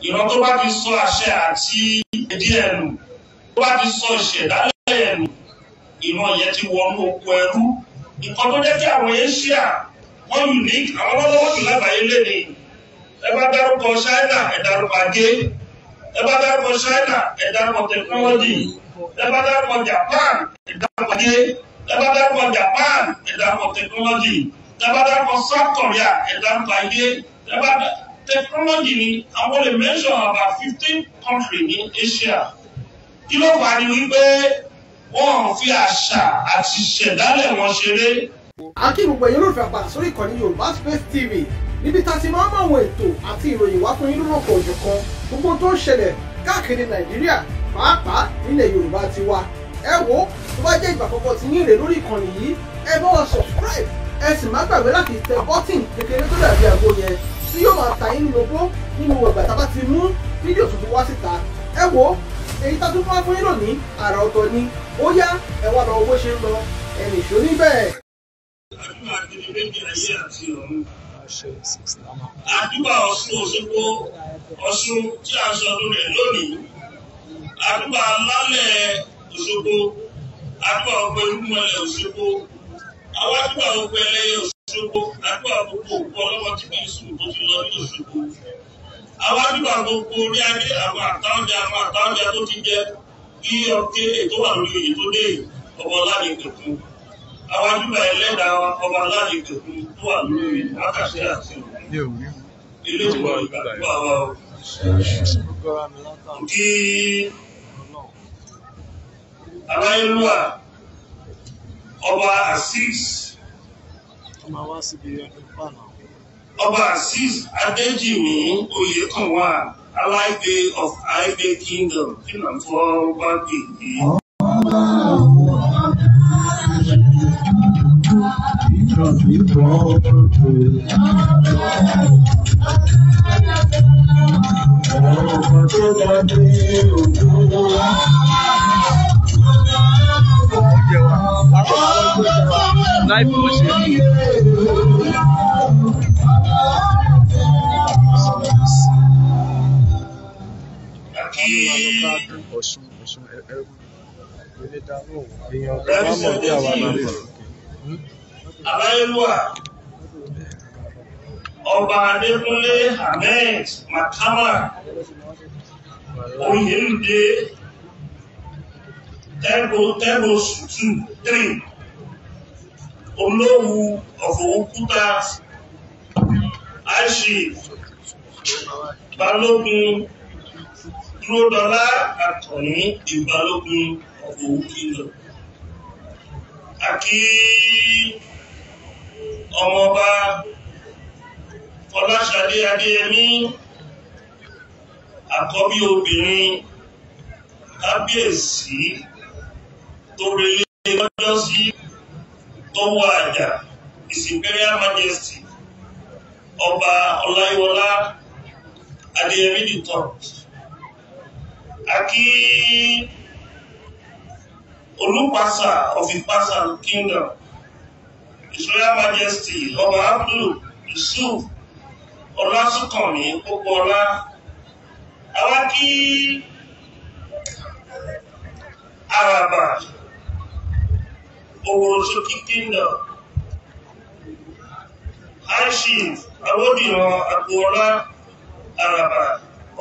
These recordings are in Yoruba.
ìran tó bá ti sọ àṣẹ àti ẹdí ẹnu tó bá ti sọ ìṣẹ̀dálẹ̀ ẹnu ìran yẹn ti wọnú oko ẹrú nǹkan tó jẹ́ kí àwọn Asia wọ́n unique àwọn lọ́wọ́ jù lágbàáyé léde ẹ bá dárúkọ China ẹ dárúkọ ajé ẹ bá dárúkọ China ẹ dárúkọ technology ẹ bá dárúkọ Japan ẹ dárúkọ ajé ẹ bá dárúkọ Japan ẹ dárúkọ technology ẹ bá dárúkọ South Korea ẹ dárúkọ ajé ẹ bá dárúkọ technology ni àwọn lè mention about fifteen country ní Asia kí ló fà ní wípé wọ́n fi àṣà àti ìṣẹ̀dálẹ̀ wọn ṣeré. akí gbogbo ẹ̀yin olùfẹ́ padà sórí ìkànnì Yorùbá Space TV níbi tá a ti máa ń mọ àwọn ètò àti ìròyìn wá fún yín lọ́pọ̀ ọ̀jọ̀ kan gbogbo tó ń ṣẹlẹ̀ káàkiri Nàìjíríà pàápàá nílẹ̀ Yorùbá ti wa ẹ wo tó bá jẹ́ ìgbà àkọ́kọ́ tí yín rè lórí ìkànnì yìí ẹ bá wa subscribe ẹ sì má gbàgbé láti tẹ bọ́tìn máa ta nínú ọgbà tá a bá ti mú fídíò tuntun wá síta ẹ wò èyí tá a tún fún yín lónìí àrà ọ̀tọ̀ ni ó yá ẹ wá lọ owó ṣe ń lọ ẹnì ṣó níbẹ̀. àdúgbò Ọ̀ṣun Òṣogbo Ọ̀ṣun tí a sọ lórí ẹ̀ lónìí àdúgbò alálẹ̀ Òṣogbo àdúgbò ọgbẹ́ irúnmọlẹ̀ Òṣogbo àwọn àdúgbò ọgbẹ́ ẹlẹ́yẹ Òṣogbo. Òṣogbo àdúrà gbogbo òkú ọlọ́wọ́ ti fi sùn tó ti lọ ní Òṣogbo. Àwọn àdúrà gbogbo orí adé àwọn àtàwọn àwọn àtàwọn tó ti jẹ kí ọkẹ́ ètò wà lórí èyí tó dé ọmọ láàyè kẹ̀kọ́. Àwọn àdúrà ẹlẹ́dàá ọba láàyè kẹ̀kọ́ tó wà lórí wákàtí àti òkú. Ilé ìwà ìgbàgbọ́ àwa o. Kí aláyélúwà ọba Asís máa wá síbi ẹnu pààlà. ọba azeez adéjìmí oyèkànwá aláìgbé of aigbe kingdom kìlọ̀ fọ́ wágbègbè. ọba àwọn ìjọba ọba tó bá dé live com você. Ọba Adékúnlé Ahmed Makama Oyèǹde Tẹ́gbó Tẹ́gbó Sùtù 3 olówu ọ̀fọ̀wọ́kúta aṣì balógun dúródọlá àkànní ìbalógun ọ̀fọ̀wọ́kúta àkí ọmọọba ọláṣadé adéyẹmí àkọ́bí obìnrin kábíyèsí tó relé lọ́jọ́ sí tọ́wọ́ àjà His Imperial Majesty ọba ọláyíwọlá adéyẹmí the third akí olùpàṣà of the pàṣà kingdom His Majesty ọba abdul yusuf ọlásùnkànmí gbogbo ọlá awákí àràbà òwòrán kingdom arshif awódìran agboola araba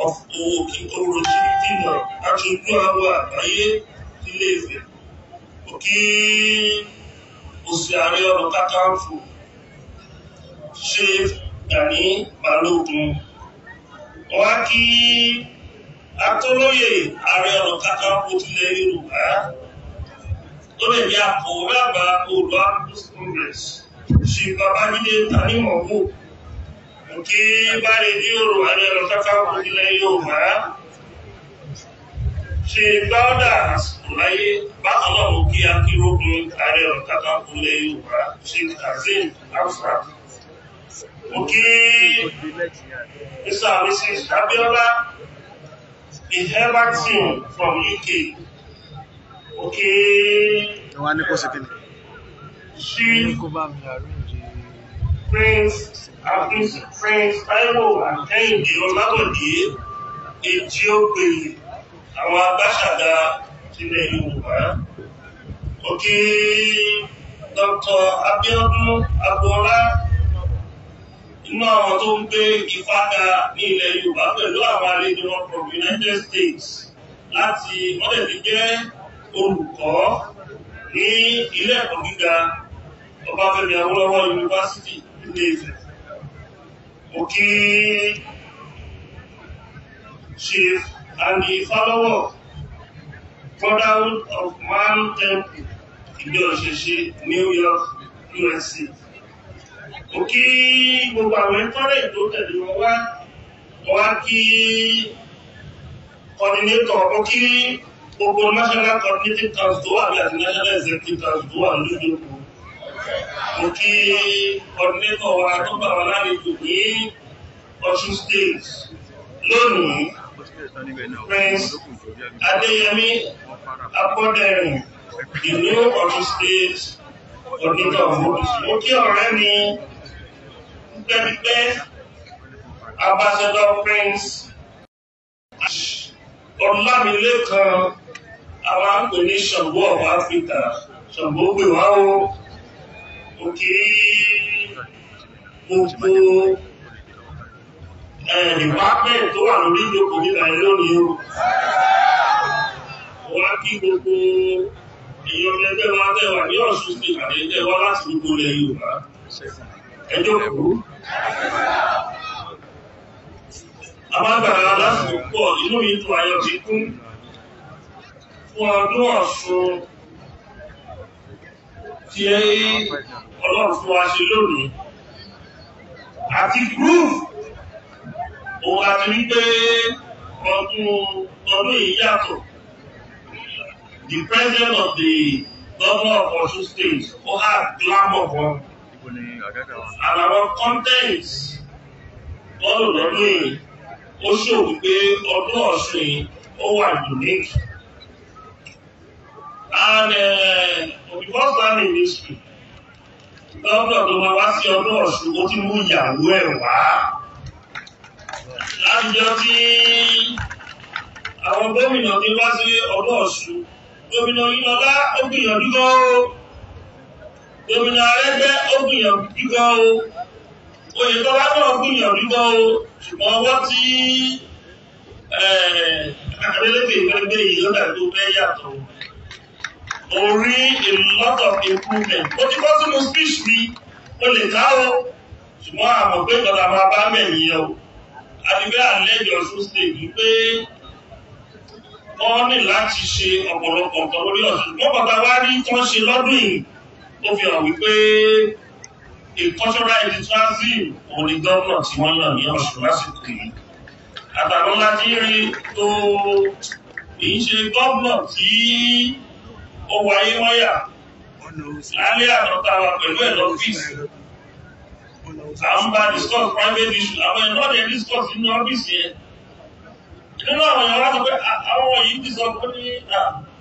of òwòrán kingdom aṣojú àwọn àgbáyé ilé Ifẹ̀ òkè òsì ààrẹ ọ̀rọ̀ kákàǹfò ṣe Gani Balógun wá kí atọ́lóyè ààrẹ ọ̀rọ̀ kákàǹfò tilẹ̀ Yorùbá dole ya kora ba kora congress shugaba gide ta ni mọ̀kú nke bá rẹ̀ ní ọ̀rọ̀ àrẹ ọ̀tọ́ká òkúnlẹ̀ yorùbá ṣe gbáọ́dà láyé bá ọlọ́run kí akírógun àrẹ ọ̀tọ́ká òkúnlẹ̀ yorùbá ṣe kazeem afra òkè mr mrs abiola the herbert team from uk ẹ wá ní kó ṣe kíni. kó bá mi àríǹjì. Prince Prince Taiwo Akẹ́yìndé Ọlábọ̀dé èjì ògbèlè àwọn agbáṣàdá tilẹ̀ Yorùbá. Òkè Dr. Abiodun Agboola inú àwọn tó ń gbé ìfága ní ilẹ̀ Yorùbá pẹ̀lú àwọn àlejò wọn from United States láti wọ́n lè fi jẹ́ olùkọ́ ní ilé ẹ̀kọ́ gíga Ọbáfẹ́mi Awólọ́wọ̀ yunifásitì nílé Ifẹ̀ mo kí Chief Andy Fálọ́wọ̀ brotherhood of man temple ìjọ òṣèṣe New York USA mo kí gbogbo àwọn ẹ̀tọ́rẹ̀ tó tẹ̀lé wọn wá wá kí coordinator mo kí gbogbo national coordinating council wà ní àti national executive council wà lójú òkú mo kí coordinator wa tó bá wa lálejò ní Ọ̀ṣun state lónìí prince adéyẹmí akọ́dẹ̀rìn the new Ọ̀ṣun state coordinator of modus mo kí ọ̀rẹ́ mi pípẹ́pípẹ́ ambassador prince ọlámilékan àwọn àpè ní ṣàǹbó ọ̀pá áfíríkà ṣàǹbó pè wá o òkè gbogbo department tó wà lórí ìjókòó nígbà lónìí o wá kí gbogbo èèyàn ẹgbẹ́ wa tẹ́wà ní ọ̀ṣun sí àdéjẹ́ wá láti gbogbo ilẹ̀ Yorùbá ẹjọ́ kú abágbàrá lásìkò inú yìí tó ayọ̀ ti kún fún ọdún Ọ̀ṣun tí ọlọ́run fún wa ṣe lónìí àti groove òun àti wípé ọdún ọdún yìí yàtọ̀ the president of the governor of Ọ̀ṣun state ó hà glamour wọn àwọn contents ọlọ́run lọ́dún yìí ó ṣòwò pé ọdún Ọ̀ṣun yìí ó wà unique. And uh, it was done in history. Lọ́dọ̀ tó máa wá sí ọdún Ọ̀ṣun ó ti mú ìyàwó ẹ̀ wá. Lájọ́ tí àwọn gómìnà ti wá sí ọdún Ọ̀ṣun, gómìnà Oyinlọ́lá ó gbìyànjú gan o. Gómìnà Arẹ́gbẹ́ ó gbìyànjú gan o. Oyètọ́lá náà gbìyànjú gan o. Ṣùgbọ́n wọ́n ti Adélékè yìí lọ́dà tó fẹ́ yàtọ̀ mo rí a lot of improvement ó ti bọ́ sínú speech mi ó lè ká o ṣùgbọ́n àmọ̀ pé ìtọ́ta máa bá mẹ́rin yẹn o àdìgbẹ́ àlẹ́jọ ọ̀ṣun state ni pé wọ́n ní láti ṣe ọ̀pọ̀lọpọ̀ nǹkan lórí ọ̀ṣun wọ́n bàbá wa rí tí wọ́n ṣe lọ́dún yìí ó fi hàn wípé a cultural education òun ni gómìnà tí wọ́n yàn ní ọ̀ṣun lásìkò yìí àtàlọ́lá tí rí tó kì í ṣe gómìnà tí ó wà ayé wáyà lálẹ́ àtọ́ta wa pẹ̀lú ẹ̀ lọ́fíìsì à ń bá discuss private issue àwọn ẹ̀ lọ́dẹ̀ discuss nínú ọ́fíìsì yẹn nínú àwọn èèyàn láti pé àwọn yìí ti sọ pé ní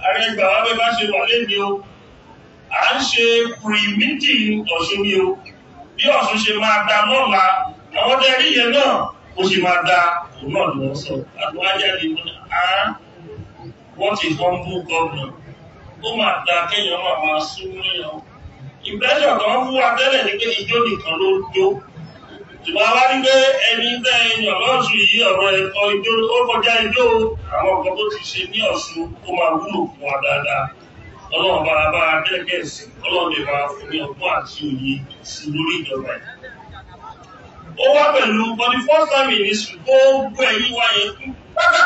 ààrẹ ìgbà wa bá ṣe wà lẹ́ni o à ń ṣe pre-meeting ọ̀ṣun ni o bí ọ̀ṣun ṣe máa da lọ́la àwọn tẹ́rí yẹn náà ó ṣe máa da òun náà lọ́sọ̀ àti wájà ní wọ́n ti fọ́n bú gọ́ọ̀nà ó máa da kéèyàn máa máa súnmọ́ èèyàn ìbẹ́jọ̀ kan fún wa tẹ́lẹ̀ ni pé ijó nìkan ló jó ṣùgbọ́n wá ní pé ẹni tẹ́ èèyàn lọ́sù yìí ọ̀rọ̀ ẹ̀kọ́ ijó ó kọjá ijó àwọn ọ̀kan tó ti ṣe ní Ọ̀ṣun ó máa wúlò fún wa dáadáa ọlọ́run bá bá dẹ́gẹ̀ sí ọlọ́run lè máa fún ní ọgbọ́n àti òye sí lórí ìjọba yìí. ó wá pẹ̀lú bọ́dí fọ́sàmì ní gbogbo ẹ̀yí wáyé pátá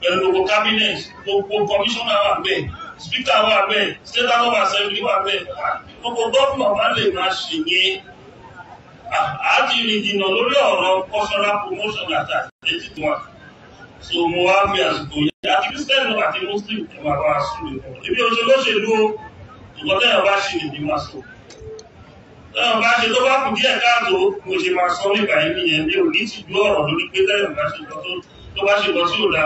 pẹ̀lú gbogbo kábínẹ̀tì gbogbo kọmíṣánná wà bẹ́ẹ̀ spíkà wà bẹ́ẹ̀ stéta nọ́mbà sẹ́fì wà bẹ́ẹ̀ gbogbo gọ́ọ̀nà bá lè máa ṣì ní àti ìrìndìnà lórí ọ̀rọ̀ cultural promotion àti àtẹ̀tì tó wà so mo wá fi àsìkò yìí àti christian àti muslim tó wà bá sùn lè mọ̀ ebi oṣù lóṣèlú o ìwọ́n tẹ́yàn bá ṣì nìdí máa sọ tẹ́yàn bá ṣe tó bá kù díẹ̀ káàtó mo ṣe máa sọ nípa ẹ̀mí yẹn mi ò ní ti ju ọ̀rọ̀ lórí pé tẹ́yàn bá ṣe tó bá ṣe lọ sí òdà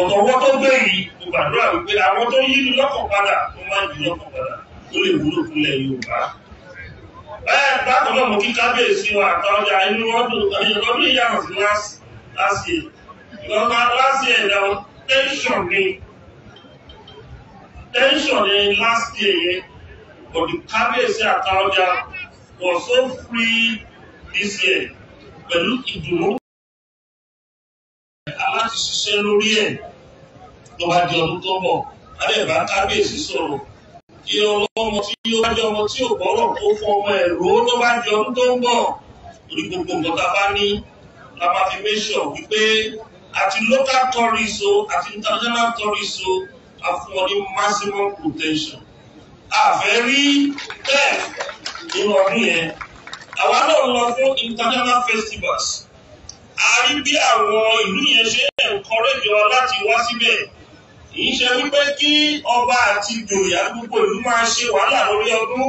ọ̀tọ̀wọ́ tó gbé yìí mo gbàdúrà wípé àwọn tó yí lọ́kàn padà tó máa ń yí lọ́kàn padà tó lè wúlò fúnlẹ̀ Yorùbá. bẹ́ẹ̀ bákan náà mo kí kábíyèsí wa àtọ́jà inú ọdún ọdún ìyàwó sí láti ìjọba láti ẹ̀dá tẹ́ńsọ̀n ni tẹ́ńsọ̀n ni láti ẹ̀yẹ ọdún kábíyèsí àtọ́jà was so free this year pẹ̀lú ìdùnnú ti ṣiṣẹ́ lórí ẹ̀ tó bá di ọdún tó bọ̀ adẹ́bá kábíyèsí sọ̀rọ̀ kí ọlọ́mọ tí ó bá jẹ́ ọmọ tí ò bọ́rọ̀ tó fọ ọmọ ẹ̀ ró tó bá di ọdún tó ń bọ̀ torí gbogbo nǹkan tá a bá ní la máa fi mẹ́ṣọ̀ wípé àti local tourism o àti international tourism a fún ọ ní maximum protection àfẹ́ rí bẹ́ẹ̀ nínú ọdún yẹn àwa náà lọ fún international festivals a rí bí àwọn ìlú yẹn ṣe encourage ọ láti wá síbẹ̀ kì í ṣe wípé kí ọba àti ìjòyà gbogbo ìlú máa ṣe wàhálà lórí ọdún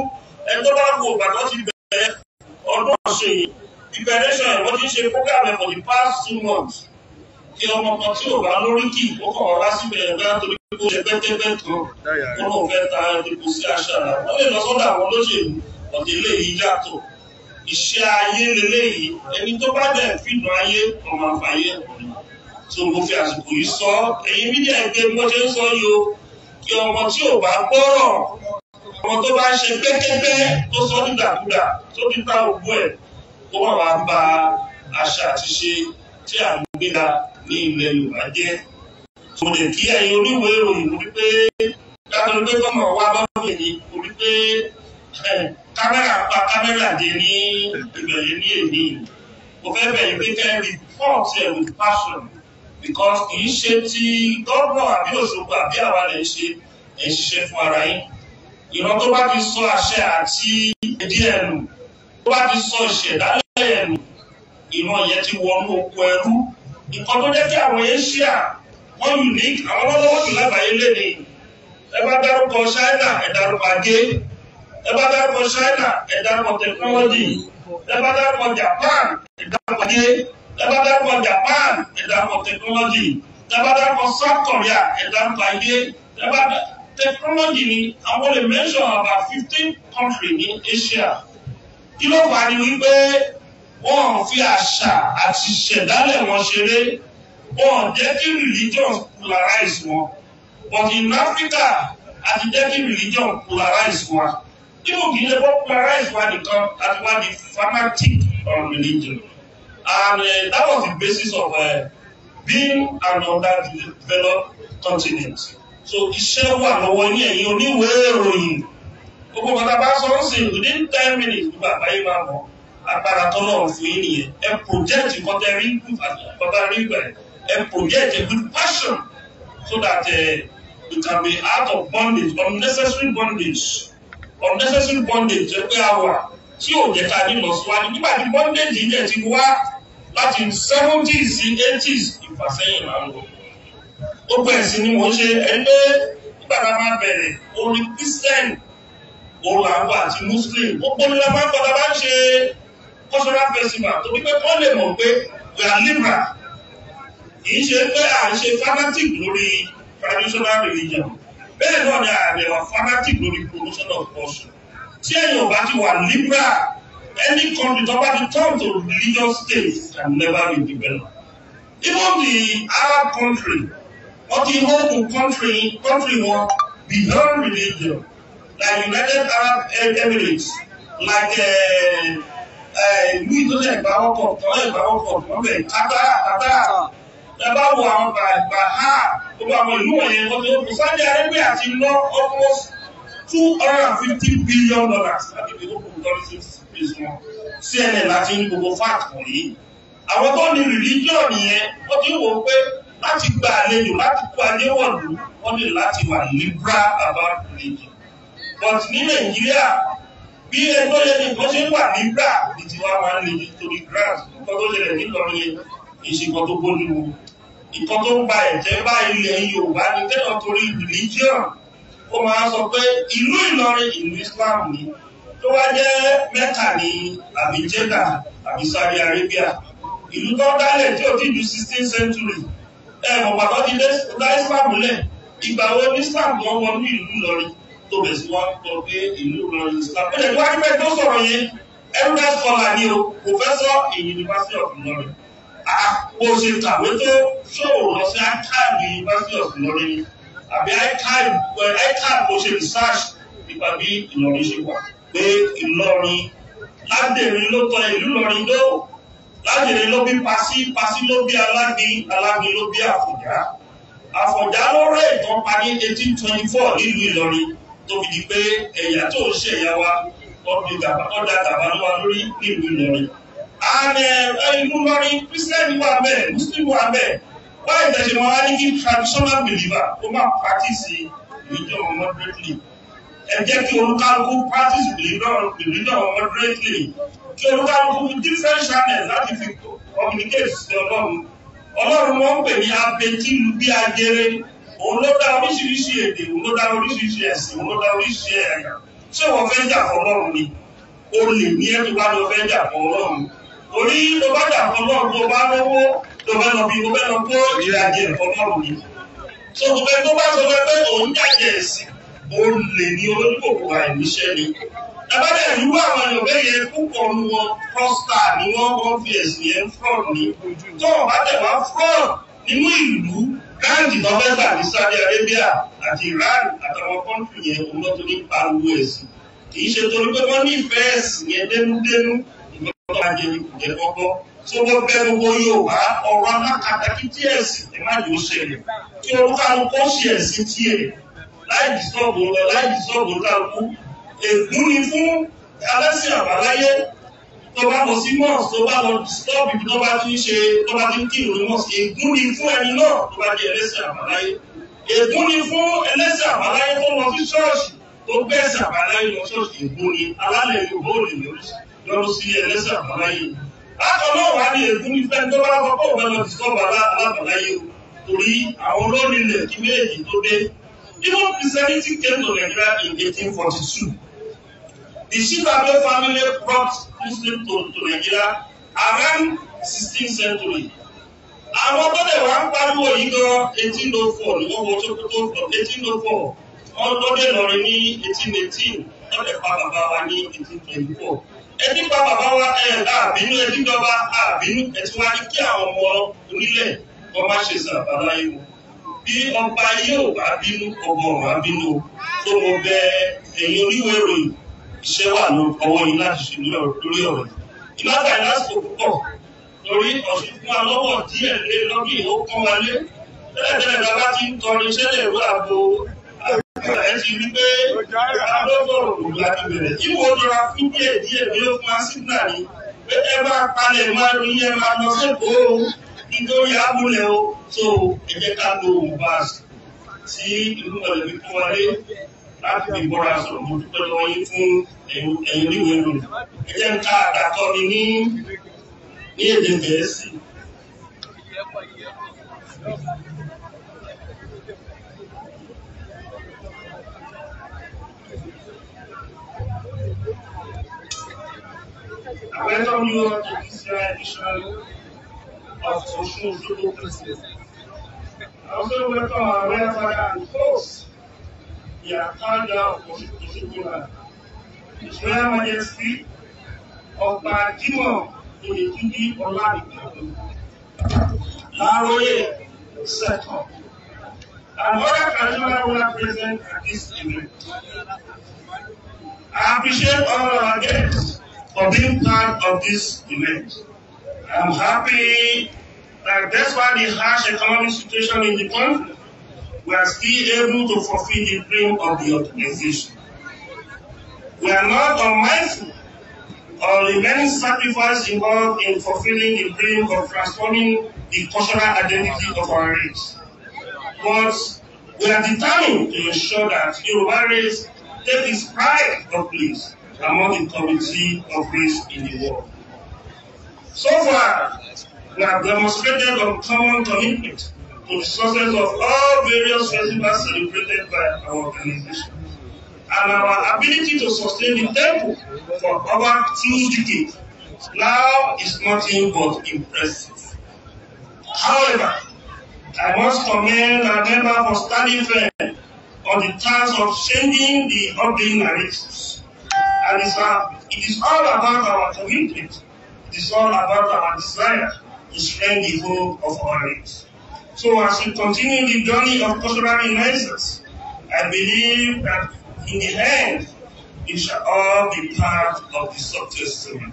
ẹjọ́ bá wo ìbàdàn ti bẹ̀rẹ̀ ọdún ọ̀sẹ̀ preparation ẹ̀ wọ́n ti ṣe program ẹ̀ for the past two months kí ọmọ kan tí ò bá lórí kì ó kàn wá síbẹ̀ ẹ̀dá torí pé kó ṣe pẹ́tẹ́pẹ́ kan ó lóun fẹ́ ta epo sí àṣàrà wọ́n lè lọ sọ́dọ̀ àwọn olóṣèlú ọ̀dẹ̀ eléyìí yàtọ̀ ìṣe ayé lélẹ́yìí ẹni tó bá dẹ̀ fìdùn ayé ọ̀màfàyé ọ̀rẹ́ tó mo fi àsìkò yìí sọ ẹ̀yin mídíà ń pé bí wọ́n ṣe ń sọ yìí o kí ọmọ tí ò bá gbọ́rọ̀ ọmọ tó bá ń ṣe pẹ́kẹ́pẹ́ tó sọ nígbàkúgbà tó fi ta òkú ẹ̀ kó wọ́n wá ba àṣà àti ṣe tí à ń gbéra ní ilẹ̀ Yorùbá jẹ́ mo lè kí ẹ̀yin oníwèé ìròyìn wípé dábàá pé kọ́mọ̀ wá bá wọ́n yìí wípé kámẹ́rà pa kámẹ́rà dé ní ìbẹ̀rẹ̀ ní èmi mo fẹ́ bẹ̀rẹ̀ pé kẹ́rin fọ́ọ̀tì ẹ̀ with passion because kì í ṣe ti gọ́ọ̀nà àbí Òṣogbo àbí àwa lè ṣe ẹ̀ ṣiṣẹ́ fún ara yín ìran tó bá ti sọ àṣẹ àti ẹdí ẹnu tó bá ti sọ ìṣẹ̀dálẹ̀ ẹnu ìran yẹn ti wọnú oko ẹrú nǹkan tó jẹ́ kí àwọn Asia wọ́n unique àwọn ọlọ́wọ́ jù lágbàáyé lẹ́ni ẹ bá dárúkọ China ẹ dárúkọ ajé ẹ bá dárúkọ China ẹ dárúkọ technology ẹ bá dárúkọ Japan ẹ dárúkọ ajé tẹ́bá dákọ̀ Japan ẹ̀dá mọ̀ technology tẹ́bá dákọ̀ South Korea ẹ̀dá mọ̀ ayé tẹ́bá technology ni àwọn lè mention about fifteen country ní Asia kí ló fà ní wípé wọ́n fi àṣà àti ìṣẹ̀dálẹ̀ wọn ṣeré wọ́n jẹ́ kí religion polarize wọn but in Africa àti jẹ́ kí religion polarize wọn. Even if you never polarize one, you come at one fanatic on religion. And uh, that was the basis of uh, being an underdeveloped continent. So iṣẹ́ wà lọ́wọ́ ní ẹ̀yìn oníwèé ìròyìn. Gbogbo bàtà bá sọ ń within ten minutes gbogbo àbáyé máa mọ̀. Agbára tọ́lọ́run fún yín nìyẹn. Ẹ project kọ́tẹ́ rí good bàbá rí gbà ẹ̀. Ẹ project a good passion so that uh, you can be out of bondage, unnecessary bondage, unnecessary bondage jẹ́ pé a wà tí ò jẹ́ ká ní ìlọsíwájú nígbà tí bondage yìí dẹ̀ ti wá láti seventies sí eighties ìfàsẹ́yìn máa ń lọ. gbogbo ẹ̀sìn ni mò ń ṣe ẹgbẹ́ nígbà tá a máa bẹ̀rẹ̀ orin Christian òun àwọn àti Muslim gbogbo ní lọ́pàá gbọ́dọ̀ bá ń ṣe cultural festival tó wípé wọ́n lè mọ̀ pé we are liberal kìí ṣe pé à ń ṣe fanatic lórí traditional religion bẹ́ẹ̀ náà ni ààrẹ fanatic lórí promotion of culture tí ẹ̀yin ò bá ti wà liberal any country tó bá ti turn to religious states can never be developed even the Arab country wọ́n ti hold country country wọn beyond religion like United Arab Emirates like eh, eh, ìlú ìtọ́jú ẹ̀gbá ọkọ̀ tọ́ ẹ̀gbá ọkọ̀ tọ́ bẹ̀ kátàrà kátàrà ẹ bá wo àwọn bàbá ha gbogbo àwọn ìlú wọ̀nyẹn wọ́n ti ó kò Saudi Arabia ti lọ almost two hundred and fifty billion dollars láti fi tó kòkòrò lórí space wọn cnn láti ní gbogbo fat wọ̀nyí àwọn tó ní religion yẹn wọ́n ti wò ó pé láti gba àlejò láti kó ayé wọ̀lú wọ́n ní láti wà liberal about religion but ní nàìjíríà bí ẹgbẹ́ yẹn ni wọ́n ṣe wà liberal ní tiwa máa ń le torí grant nǹkan tó ṣẹlẹ̀ nílọrin yẹn ìṣèkọ tó gbóni wo nǹkan tó ń ba ẹ̀jẹ̀ bá ilẹ̀ yorùbá ni tẹ́lọ̀ torí religion ó máa sọ pé ìlú Ìlọrin ìlú Islam ni tó wá jẹ́ Mẹ́kà ní àbí Jẹ́dà àbí Saudi Arabia ìlú tó dálẹ̀ tí ò ti ju sixteen century ẹ̀rọ bàbá ti dá Islam lẹ̀ ìgbà wo ní Islam wọn wọnú ìlú Ìlọrin tó bẹ̀ sí wọn kọ pé ìlú Ìlọrin Islam ó lè wá nípa tó sọ̀rọ̀ yẹn ẹgbẹ́ sọ̀là ni o Professor in University of Ìlọrin àpò ah, ṣe tàwé tó ṣòwò lọ sí akáàdì University of Ìlọrin àbí ICAN mo ṣe research nípa bí Ìlọrin ṣe wà pé Ìlọrin ládèrè ló tọ ìlú Ìlọrin dó ládèrè ló bí Pasí Pasí ló bí Alágbin Alágbin ló bí Àfọ̀njá Àfọ̀njá ló rẹ̀ ìtàn pa ní eighteen twenty four nílùú Ìlọrin tó fi di pé ẹ̀yà tó ń ṣe ẹ̀yà wa ọ̀dà gàba ló wà lórí nílùú Ìlọrin ààrẹ ìlú Ìlọrin Christian wà bẹ́ẹ̀ Muslim wà bẹ́ẹ̀ báyìí tẹ̀sí wọn á ní kí traditional believer tó máa practice religion moderately ẹ jẹ́ kí olúkálukú practice religion moderately kí olúkálukú fi different channels láti fi communicate sí ọlọ́run ọlọ́run wọn ń pè ní abetilu bí ajere òun ló dá oríṣiríṣi èdè òun ló dá oríṣiríṣi ẹ̀sìn òun ló dá oríṣiríṣi ẹ̀yà ṣé wọ́n fẹ́ jà fún ọlọ́run ni o lè ní ẹni wá lọ fẹ́ jà fún ọlọ́run orí ló bá jà fún ọlọ́run tó bá lọ́wọ́ tó fẹ́ lọ bí mo fẹ́ lọ kó ìrìnàjò ìfọlọ́rùn mi. tó mo fẹ́ tó bá sọ fẹ́ pé òun jàjẹ́ ẹ̀sìn òun lè ní olókòkò àìníṣẹ́ ni. Abájá ìlú àwọn ọ̀rẹ́ yẹn púpọ̀ nu wọn frosta ni wọ́n wọ́n fi ẹ̀sìn yẹn fraud ní. Tó o bá tẹ̀ wá fraud nínú ìlú gáàndì tó fẹ́ gbà ní Saudi Arabia àti Iran àtàwọn kọ́ńtù yẹn òun lọ́tọ́ ní pariwo ẹ̀sìn. Kì í ṣe torí pé wọ́n nífẹ̀ẹ́ ẹ̀sìn yẹn dénúdénú ìgbọ́dọ̀ ajé ìjẹ́kọ́kọ́ tí wọ́n bẹ gbogbo Yorùbá ọ̀rọ̀ alákatà kí tí ẹ̀sìn ní má yóò ṣẹlẹ̀ kí olúkálukú ṣe ẹ̀sìn tiẹ̀ láì dìsọ́ọ̀bù lọ láì dìsọ́ọ̀bù lálùkù ègún ni fún alẹ́sìn àbáláyé tó bá lọ sí mọ́ọ̀sì tó bá lọ dìsọ́ọ̀bù tó bá ti ń ṣe tó bá ti ń kírun ní mọ́ọ̀sì ègún ni fún ẹni náà tó bá di ẹlẹ́sìn àbáláyé ègún ni fún ẹlẹ́sìn àbáláyé látọ̀lọ́wọ́ àbí èkú ní fẹ́ tó bá fọ́pọ̀ mẹ́mọ́ ti sọ́wọ́ alábàláyé o torí àwọn lórí ilẹ̀ in the Shivabe family brought Muslim to, to Nigeria around 16th century àwọn tọ́lẹ̀ wá ń pariwo yìí gan 1804 ni wọ́n wọ Sókótó from 1804 wọ́n lọ́dẹ̀ lọ́rin ní 1818 tọ́lẹ̀ pa bàbá wa ní 1824 ẹtí ń bá bàbá wa àbínú ẹtí ń dọba àbínú ẹtí wá ní kí àwọn ọmọ onílẹ̀ wọn má ṣe sàbàlá yìí wọn bí ọba yóò bá bínú ọmọ wa bínú tó mo bẹ ẹ̀yin oníwèé ìròyìn iṣẹ́ wà lọ́wọ́ yìí láti ṣe lórí ọ̀rọ̀ ìlànà ìlàsìkò púpọ̀ torí ọ̀sìn fún wa lọ́wọ́ díẹ̀ lé lọ́bì ó kọ́ wa lé tẹ́lẹ̀ tẹ́lẹ̀ bá ti ń tọrin ṣẹlẹ̀ ìwé àbò ẹ̀ sì rí pé àdógò òjà bẹ̀rẹ̀ tí wo lọ́ra fún díẹ̀ díẹ̀ ní ó pa sígbà ní pé ẹ bá palẹ̀ máa lo yẹn máa lọ sẹ́kọ̀ọ́ o nítorí àmúlẹ̀ o tó ẹ jẹ́ ká lo òǹbà sí ìlú ọ̀lẹ́ fi fún wọlé láti fi bọ́ra sọ̀rọ̀ mo dúpẹ́ lọ́wọ́ yín fún ẹ̀yìn oníwèé lò Thank you. I welcome you to this year's edition of Social Osogbo Christmas. I also welcome our royal father and folks, the founder of Osogbo land. His Royal Majesty Ọba Jimoh Oyetunji Ọlámídé. Laroye Seto. And other traditional rulers present at this event. I appreciate all our guests for being part of this event. I'm happy that despite the harsh economic situation in the country, we are still able to fulfill the dream of the organization. We are not unmindful of the many sacrifices involved in fulfilling the dream of transforming the cultural identity of our race. But we are determined to ensure that Yoruba race take its pride of place among the community of race in the world. So far, we have demonstrated our common commitment to the success of all various festivals celebrated by our organization and our ability to sustain the temple for over two decades now is nothing but impressive. However, I must commend our member for standing firm on the task of changing the ugly narratives and Islam. It is all about our commitment. It is all about our desire to spread the hope of our race. So as we continue the journey of cultural renaissance, I believe that in the end, it shall all be part of the success story.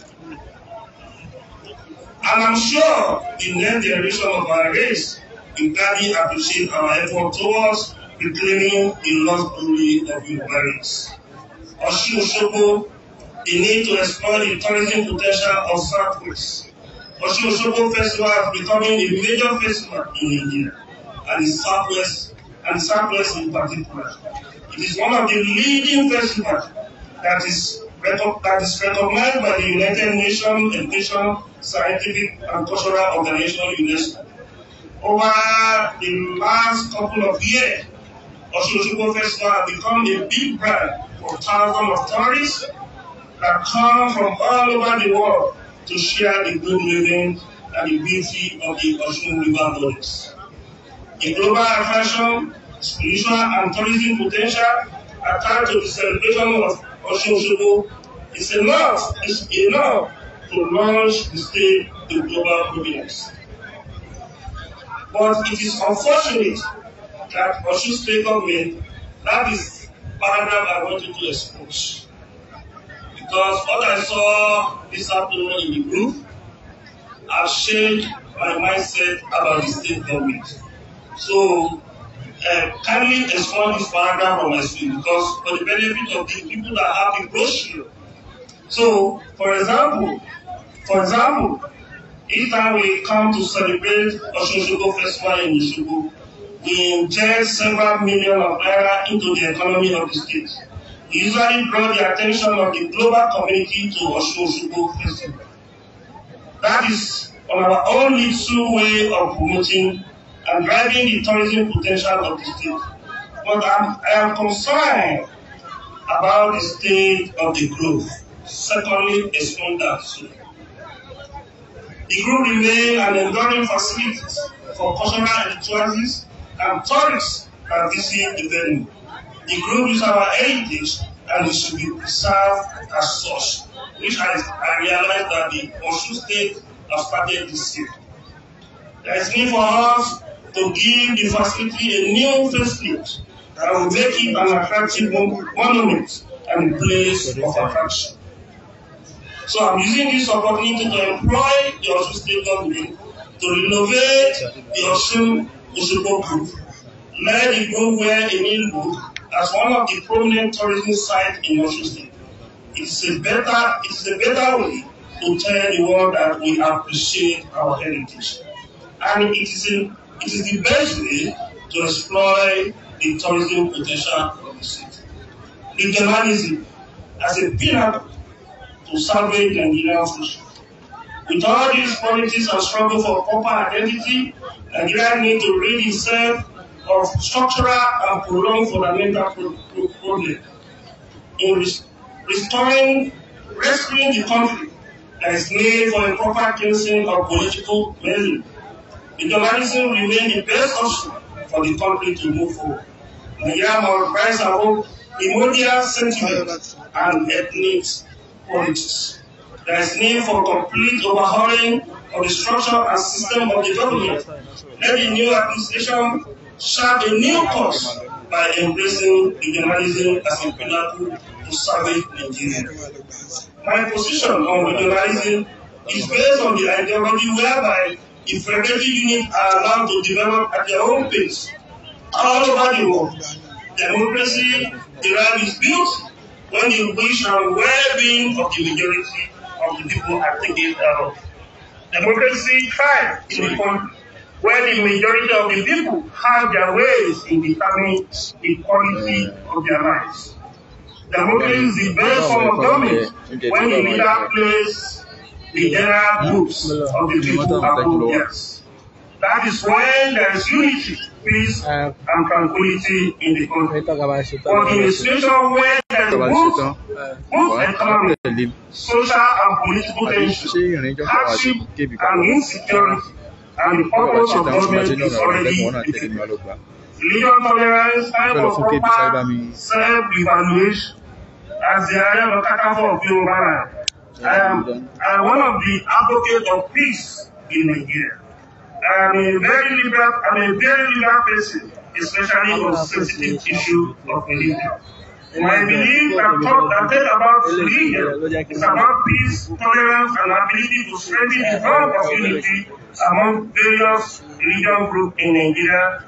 And I'm sure the next generation of our race will gladly appreciate our effort towards reclaiming the lost glory of human rights. Osun Osogbo, the need to explore the tourism potential of Southwest. Osun Osogbo Festival has becoming a major festival in India and in Southwest and Southwest in particular. It is one of the leading festivals that is that is recognized by the United Nations Education, Scientific and Cultural Organization UNESCO. Over the last couple of years, Osun Osogbo Festival has become a big brand thousand of tourists that come from all over the world to share the good living and the beauty of the Osun River valleys. The global attraction, spiritual and tourism potential attached to the celebration of Osun Osogbo is enough, is enough to launch the state to global prominence. But it is unfortunate that Osun State government, that is paragraph I wanted to expose. Because what I saw this afternoon in the group has changed my mindset about the state government. So, uh, kindly expand this paragraph on my screen because for the benefit of the people that have the brochure. So, for example, for example, each time we come to celebrate Oshoshogo Festival in Oshogo, inject several million of naira into the economy of the state. He usually draw the attention of the global community to Osun Osogbo festival. That is on our own little way of promoting and driving the tourism potential of the state. But I'm, I am concerned about the state of the grove. Secondly, explain that. So, the group remains an enduring facility for cultural enthusiasts and tourists can visit the venue. The group is our heritage and it should be preserved as such, which I, I realize that the Osun State has started this year. There is need for us to give the facility a new facelift that will make it an attractive monument and place of attraction. So I'm using this opportunity to employ the Osun State government to renovate the Osun Osogbo Group, led in Gongwe in Ilbu as one of the prominent tourism sites in Osun State. It is a better, it is a better way to tell the world that we appreciate our heritage. And it is, a, it is the best way to exploit the tourism potential of the city. The Regionalism as a pillar to salvage Nigerian social With all these politics and struggle for proper identity, Nigeria need to rid itself of structural and prolonged fundamental problem In restoring, rescuing the country that is made for a proper cleansing of political measures, regionalism remains the best option for the country to move forward. Nigeria must rise above primordial sentiments and ethnic politics. There is need for complete overhauling of the structure and system of the government. Let the new administration chart a new course by embracing regionalism as a pinnacle to serve Nigeria. My position on regionalism is based on the ideology whereby the federated units are allowed to develop at their own pace all over the world. Democracy derives its built when the wish and well-being of the majority of the people are the gate thereof. Democracy thrives in the when the majority of the people have their ways in determining the quality of their lives. Democracy is the best form of government when the leader plays the general groups of the people above theirs. That is when there is unity peace uh, and tranquility in the country. But in a situation where there is both, both economic, social and political tension, hardship and insecurity, and the purpose of government is already defeated. Religion tolerance, time of proper self-evaluation as the area Ọ̀nà Kakanfò of Yorùbá I am, I am one of the advocates of peace in Nigeria. I'm a very liberal, I'm a very liberal person, especially on sensitive issue of religion. And I believe that talk that talk about religion is about peace, tolerance, and ability to strengthen the bond of unity among various religion groups in Nigeria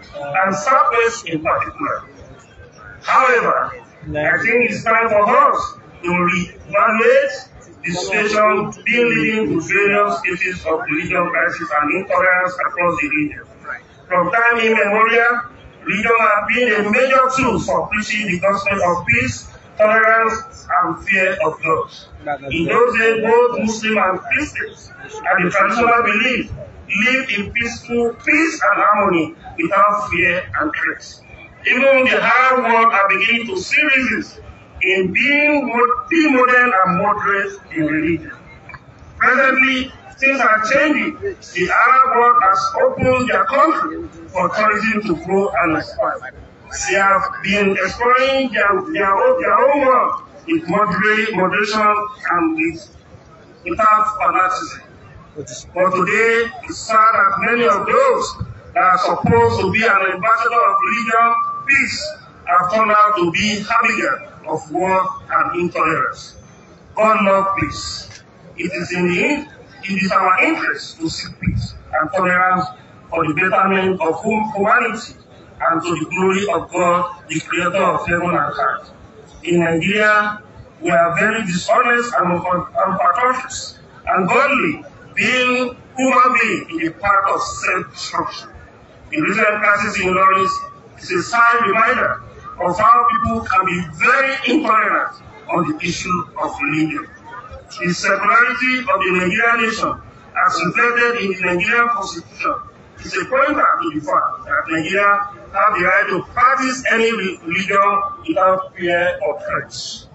and Southwest in particular. However, I think it's time for us to reevaluate dissension, being leading to various cases of religious crisis and intolerance across the region. From time immemorial, religion has been a major tool for preaching the gospel of peace, tolerance, and fear of God. In those days, both Muslim and Christians and the traditional belief live in peaceful peace and harmony without fear and threats. Even the hard world are beginning to see reasons in being modern and moderate in religion. Presently, things are changing. The Arab world has opened their country for tourism to grow and expand. They have been exploring their, their, own, their own world with moderate, moderation and with, without fanaticism. But today, it's sad that many of those that are supposed to be an ambassador of religion, peace, have turned out to be harbingers of war and intolerance. God love peace. It is in the it is our interest to seek peace and tolerance for the betterment of humanity and to the glory of God, the creator of heaven and earth. In Nigeria, we are very dishonest and unpatriotic, ungodly, being human being in a part of self-destruction. The recent crisis in Lawrence is a sad reminder of how people can be very intolerant on the issue of religion. The secularity of the Nigerian nation, as embedded in the Nigerian constitution, is a pointer to the fact that Nigeria have the right to practice any religion without fear or threats.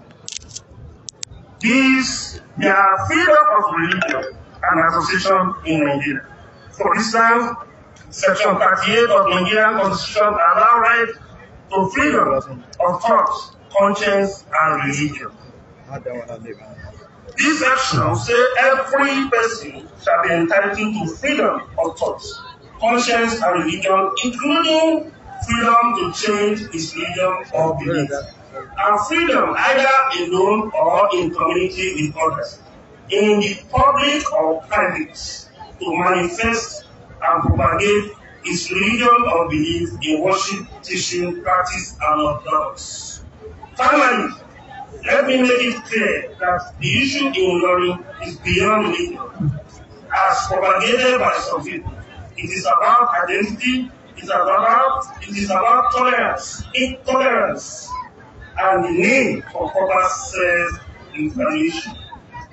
These, their freedom of religion and association in Nigeria. For instance, Section 38 of the Nigerian Constitution allow right freedom of thought, conscience, and religion. This actions say every person shall be entitled to freedom of thought, conscience, and religion, including freedom to change his religion or belief, and freedom either alone or in community with others, in the public or private, to manifest and propagate is religion of belief in worship, teaching, practice, and orthodox. Finally, let me make it clear that the issue in learning is beyond religion. As propagated by some people, it is about identity, it is about, it is about tolerance, intolerance, and the need for proper self-information.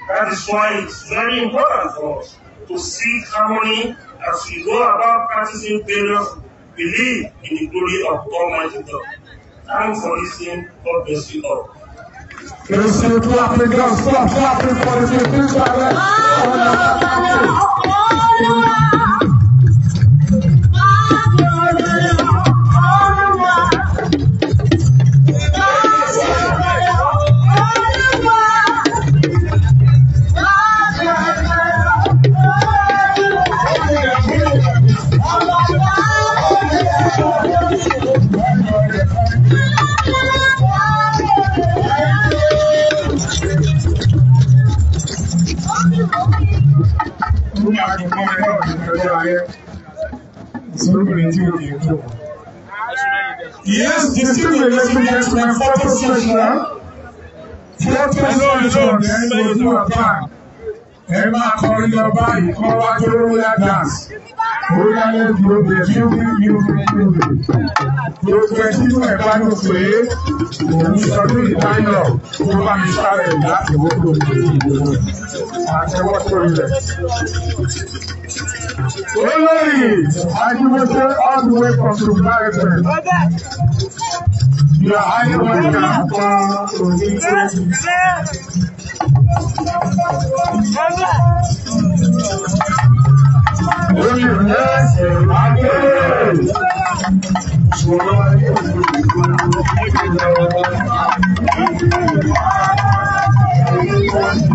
That is why it is very important for us to seek harmony as we go about practicing various believe in the glory of Almighty God. Thanks for listening. God bless you all. Can clapping? Guys, clapping for the future. tí mo fi kí wọn. Yes, the civil respect my photo session. Photo session ẹ lọ sí ọ̀tá. Ẹ máa kọrin lọ báyìí, kọ́ wá tó royal dance. Royal dance ló bẹ̀ tí ó fi yí omi kí o lè. Gbogbo ẹ sínú ẹ̀ bá ló pé òun sọ pé ìdáyọ̀ tó bá mi sáré láti wọ́pọ̀ òun lè fi ìdíwọ́. Àtẹwọ́ sórí rẹ̀. I Adúgbòsé all the way from Dubai Airport. Your Adúgbòsé àpá òní tó. I'm akéèrè. Ṣòro ayé òní